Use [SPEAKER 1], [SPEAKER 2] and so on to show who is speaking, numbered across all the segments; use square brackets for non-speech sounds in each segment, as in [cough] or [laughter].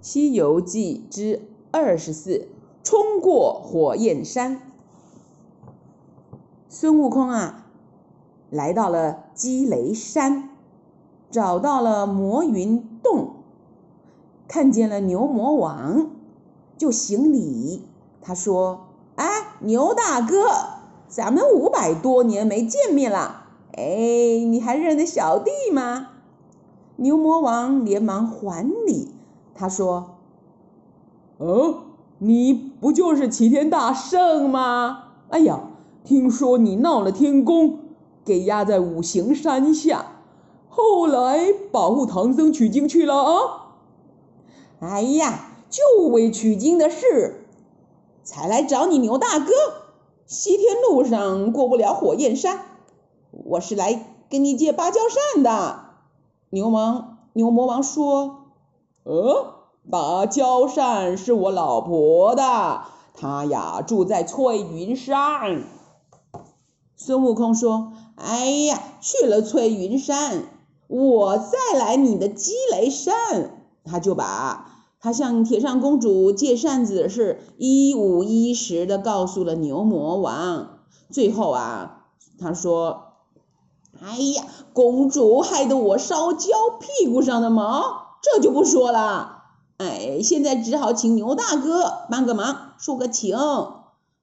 [SPEAKER 1] 《西遊記》之二十四，衝過火焰山。孫悟空啊，來到了積雷山，找到了摩雲洞，看見了牛魔王，就行禮。他說：“哎，牛大哥，咱們五百多年沒見面了，哎，你還認得小弟嗎？”牛魔王連忙還禮。他說：“哦，你不就是齊天大聖嗎？哎呀，聽說你鬧了天宮，給壓在五行山下，後來保護唐僧取經去了啊！哎呀，就為取經的事，才來找你牛大哥。西天路上過不了火焰山，我是來跟你借芭蕉扇的。”牛魔王，牛魔王說。呃，芭蕉扇是我老婆的，她呀住在翠雲山。孫悟空說：“哎呀，去了翠雲山，我再來你的積雷山。”他就把，他向鐵扇公主借扇子的事一五一十的告訴了牛魔王。最後啊，他說：“哎呀，公主害得我燒焦屁股上的毛。”這就不說了，哎，現在只好請牛大哥幫個忙，說個情，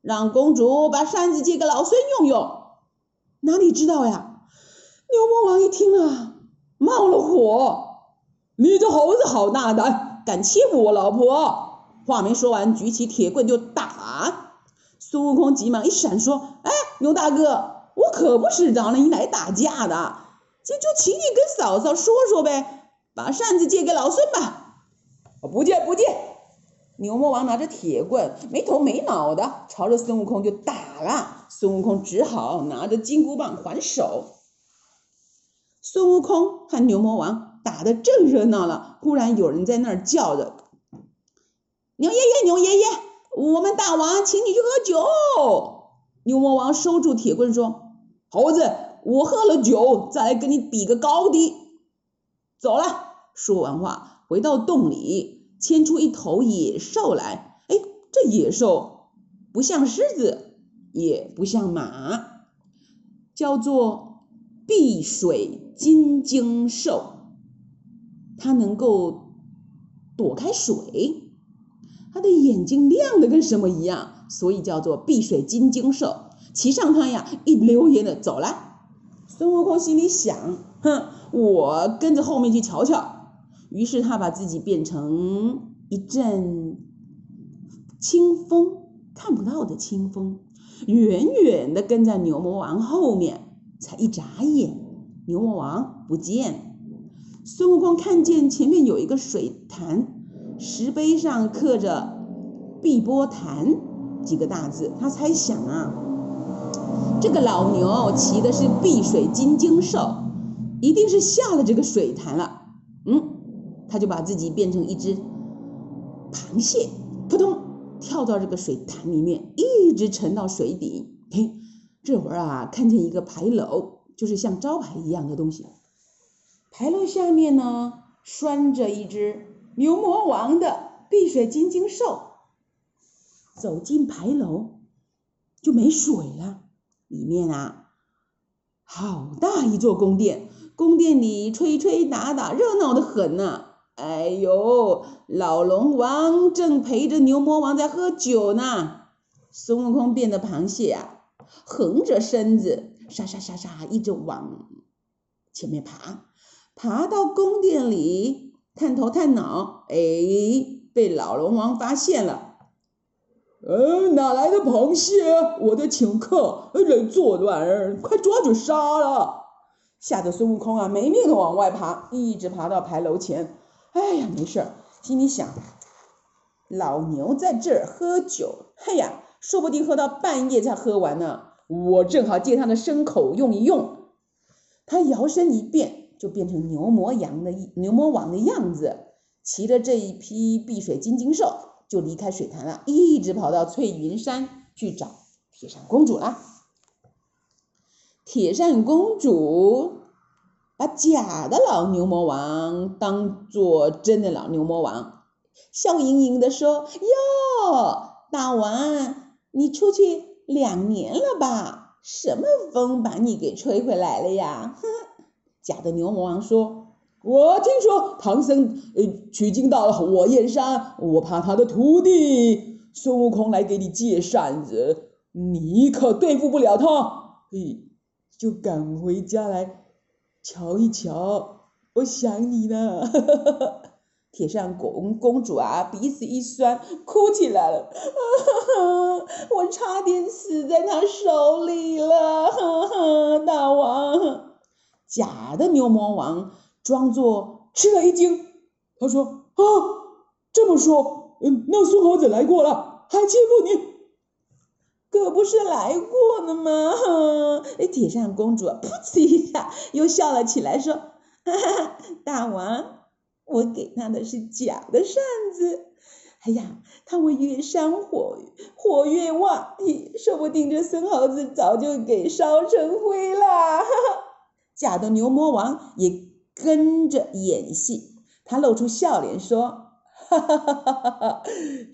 [SPEAKER 1] 讓公主把扇子借給老孫用用。哪裡知道呀？牛魔王一聽啊，冒了火：“你這猴子好大膽，敢欺負我老婆！”話沒說完，舉起鐵棍就打。孫悟空急忙一閃，說：“哎，牛大哥，我可不是找你來打架的，就就請你跟嫂嫂說說唄。”把扇子借給老孫吧！”“我不借，不借！”牛魔王拿着鐵棍，沒頭沒腦的朝着孫悟空就打了。孫悟空只好拿着金箍棒還手。孫悟空和牛魔王打得正熱鬧了，忽然有人在那兒叫着：“牛爺爺，牛爺爺，我們大王請你去喝酒。”牛魔王收住鐵棍說：“猴子，我喝了酒再來跟你比個高低。”走了。說完話，回到洞裡，牽出一頭野獸來。哎，這野獸不像獅子，也不像馬，叫做避水金睛獸。它能夠躲開水，它的眼睛亮的跟什麼一樣，所以叫做避水金睛獸。騎上它呀，一溜煙的走了。孫悟空心裡想：“哼，我跟着後面去瞧瞧。”於是他把自己變成一陣清風，看不到的清風，遠遠地跟在牛魔王後面。才一眨眼，牛魔王不見。孫悟空看見前面有一個水潭，石碑上刻着“碧波潭”幾個大字。他猜想啊。這個老牛騎的是碧水金睛獸，一定是下了這個水潭了。嗯，他就把自己變成一隻螃蟹，撲通跳到這個水潭裡面，一直沉到水底。嘿，這會兒啊，看見一個牌樓，就是像招牌一樣的東西。牌樓下面呢，拴着一隻牛魔王的碧水金睛獸。走進牌樓，就沒水了。裡面啊，好大一座宮殿，宮殿裡吹吹打打，熱鬧得很呢、啊。哎呦，老龍王正陪着牛魔王在喝酒呢。孫悟空變的螃蟹啊，橫着身子，沙沙沙沙，一直往前面爬，爬到宮殿裡，探頭探腦，哎，被老龍王發現了。嗯、呃，哪來的螃蟹？我的請客，這做這玩意兒，快抓住殺了！嚇得孫悟空啊，沒命地往外爬，一直爬到牌樓前。哎呀，沒事兒，心裡想，老牛在這兒喝酒，嘿、哎、呀，說不定喝到半夜才喝完呢。我正好借他的牲口用一用。他搖身一變，就變成牛魔王的牛魔王的樣子，騎着這一匹辟水金睛獸，就離開水潭了，一直跑到翠雲山去找鐵扇公主了。鐵扇公主把假的老牛魔王當做真的老牛魔王，笑盈盈地說：“喲，大王，你出去兩年了吧？什麼風把你給吹回來了呀？”哼，假的牛魔王說。我聽說唐僧呃取經到了火焰山，我怕他的徒弟孫悟空來給你借扇子，你可對付不了他，嘿，就趕回家來瞧一瞧，我想你了。 [laughs] 鐵扇公公主啊，鼻子一酸，哭起來了， [laughs] 我差點死在他手裡了， [laughs] 大王，假的牛魔王，裝作吃了一驚，他說：“啊，這麼說，嗯，那孫猴子來過了，還欺負你，可不是來過了嗎？”哎，鐵扇公主噗呲一下又笑了起來，說：“哈哈，大王，我給他的是假的扇子。哎呀，他越扇火火越旺，說不定這孫猴子早就給燒成灰了。”哈哈，假的牛魔王也。跟着演戲，他露出笑臉說：“哈哈哈哈哈，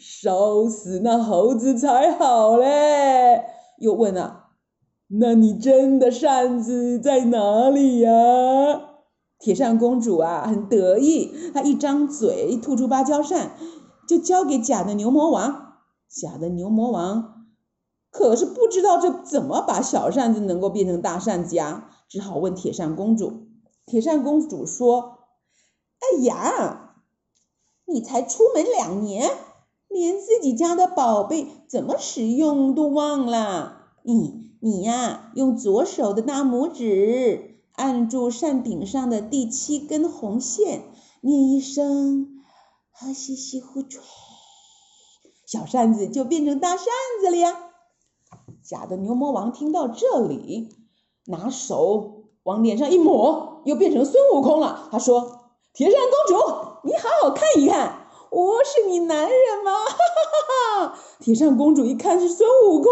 [SPEAKER 1] 燒死那猴子才好嘞！”又問了：“那你真的扇子在哪裡呀？”鐵扇公主啊，很得意，她一張嘴吐出芭蕉扇，就交給假的牛魔王。假的牛魔王可是不知道這怎麼把小扇子能夠變成大扇子啊，只好問鐵扇公主。鐵扇公主說：“哎呀，你才出門兩年，連自己家的寶貝怎麼使用都忘了。你你呀、啊，用左手的大拇指按住扇柄上的第七根紅線，念一聲‘嘻嘻呼西西呼吹’，小扇子就變成大扇子了呀。”假的牛魔王聽到這裡，拿手往臉上一抹。又變成孫悟空了。他說：“鐵扇公主，你好好看一看，我是你男人嗎？”哈哈哈哈，鐵扇公主一看是孫悟空，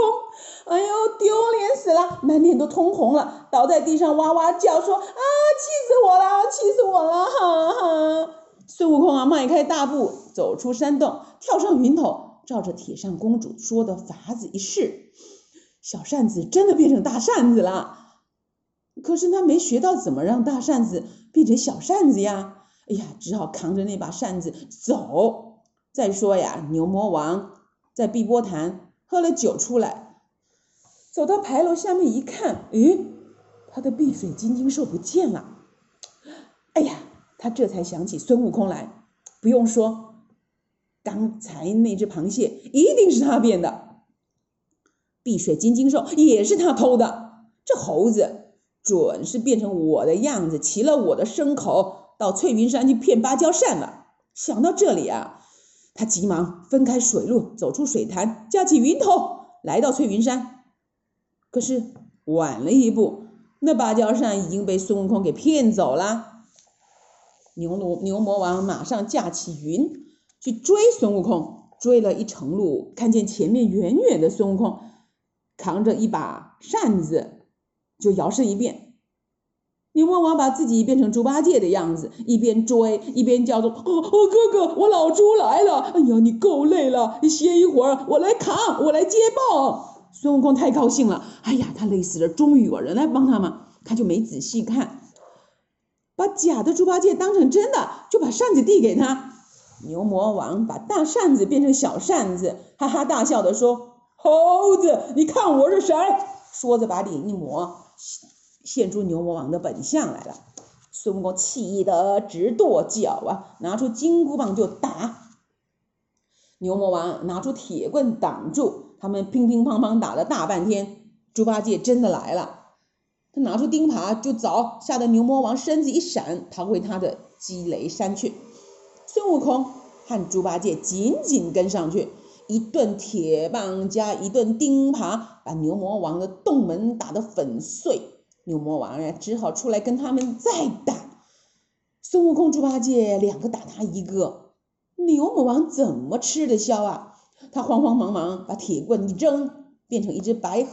[SPEAKER 1] 哎呦，丟臉死了，滿臉都通紅了，倒在地上哇哇叫，說：“啊，氣死我了，氣死我了！”孫悟空啊，邁開大步走出山洞，跳上雲頭，照着鐵扇公主說的法子一試，小扇子真的變成大扇子了。可是他沒學到怎麼讓大扇子變成小扇子呀！哎呀，只好扛着那把扇子走。再說呀，牛魔王在碧波潭喝了酒出來，走到牌樓下面一看，咦，他的碧水金睛獸不見了！哎呀，他這才想起孫悟空來。不用說，剛才那隻螃蟹一定是他變的，碧水金睛獸也是他偷的。這猴子！準是變成我的樣子，騎了我的牲口，到翠雲山去騙芭蕉扇了。想到這裡啊，他急忙分開水路，走出水潭，架起雲頭，來到翠雲山。可是晚了一步，那芭蕉扇已經被孫悟空給騙走了。牛牛魔王馬上架起雲去追孫悟空，追了一程路，看見前面遠遠的孫悟空扛着一把扇子。就搖身一變，牛魔王把自己變成豬八戒的樣子，一邊追一邊叫着：“哦哦，哥哥，我老豬來了！哎呀，你夠累了，你歇一會兒，我來扛，我來接棒。”孫悟空太高興了，哎呀，他累死了，終於有人來幫他嘛！他就沒仔細看，把假的豬八戒當成真的，就把扇子遞給他。牛魔王把大扇子變成小扇子，哈哈大笑地說：“猴子，你看我是誰？”說着把臉一抹。現出牛魔王的本相來了，孫悟空氣得直跺腳啊！拿出金箍棒就打，牛魔王拿出鐵棍擋住。他們乒乒乓乓打了大半天，豬八戒真的來了，他拿出釘耙就鑿，嚇得牛魔王身子一閃，逃回他的積雷山去。孫悟空和豬八戒緊緊跟上去。一頓鐵棒加一頓釘耙，把牛魔王的洞門打得粉碎。牛魔王呀，只好出來跟他們再打。孫悟空、豬八戒兩個打他一個，牛魔王怎麼吃得消啊？他慌慌忙忙把鐵棍一扔，變成一隻白鶴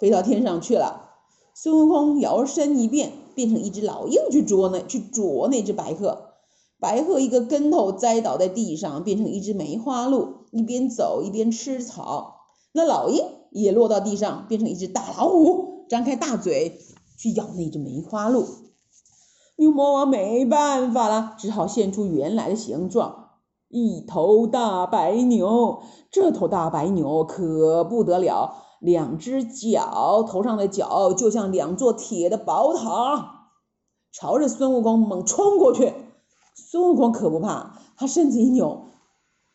[SPEAKER 1] 飛到天上去了。孫悟空搖身一變，變成一隻老鷹去捉那去啄那隻白鶴。白鶴一個跟頭栽倒在地上，變成一隻梅花鹿。一邊走一邊吃草，那老鷹也落到地上，變成一只大老虎，張開大嘴去咬那只梅花鹿。牛魔王沒辦法了，只好現出原來的形狀，一頭大白牛。這頭大白牛可不得了，兩只腳，頭上的角就像兩座鐵的寶塔，朝着孫悟空猛衝過去。孫悟空可不怕，他身子一扭。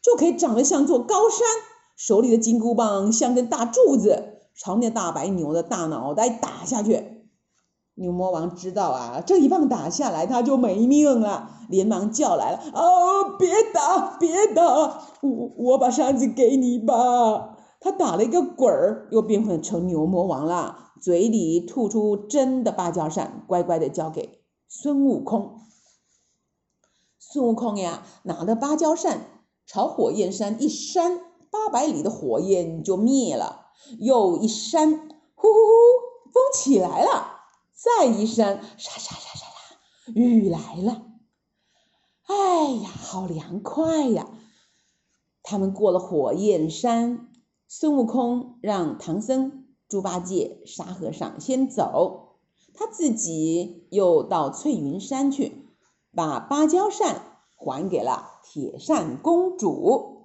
[SPEAKER 1] 就可以長得像座高山，手裡的金箍棒像根大柱子，朝那大白牛的大腦袋打下去。牛魔王知道啊，這一棒打下來他就沒命了，連忙叫來了：“啊、哦，別打，別打，我我把扇子給你吧。”他打了一個滾兒，又變回成牛魔王了，嘴裡吐出真的芭蕉扇，乖乖的交給孫悟空。孫悟空呀，拿着芭蕉扇。朝火焰山一扇，八百里的火焰就滅了；又一扇，呼呼呼，風起來了；再一扇，沙沙沙沙沙，雨來了。哎呀，好涼快呀！他們過了火焰山，孫悟空讓唐僧、豬八戒、沙和尚先走，他自己又到翠雲山去，把芭蕉扇。還給了鐵扇公主。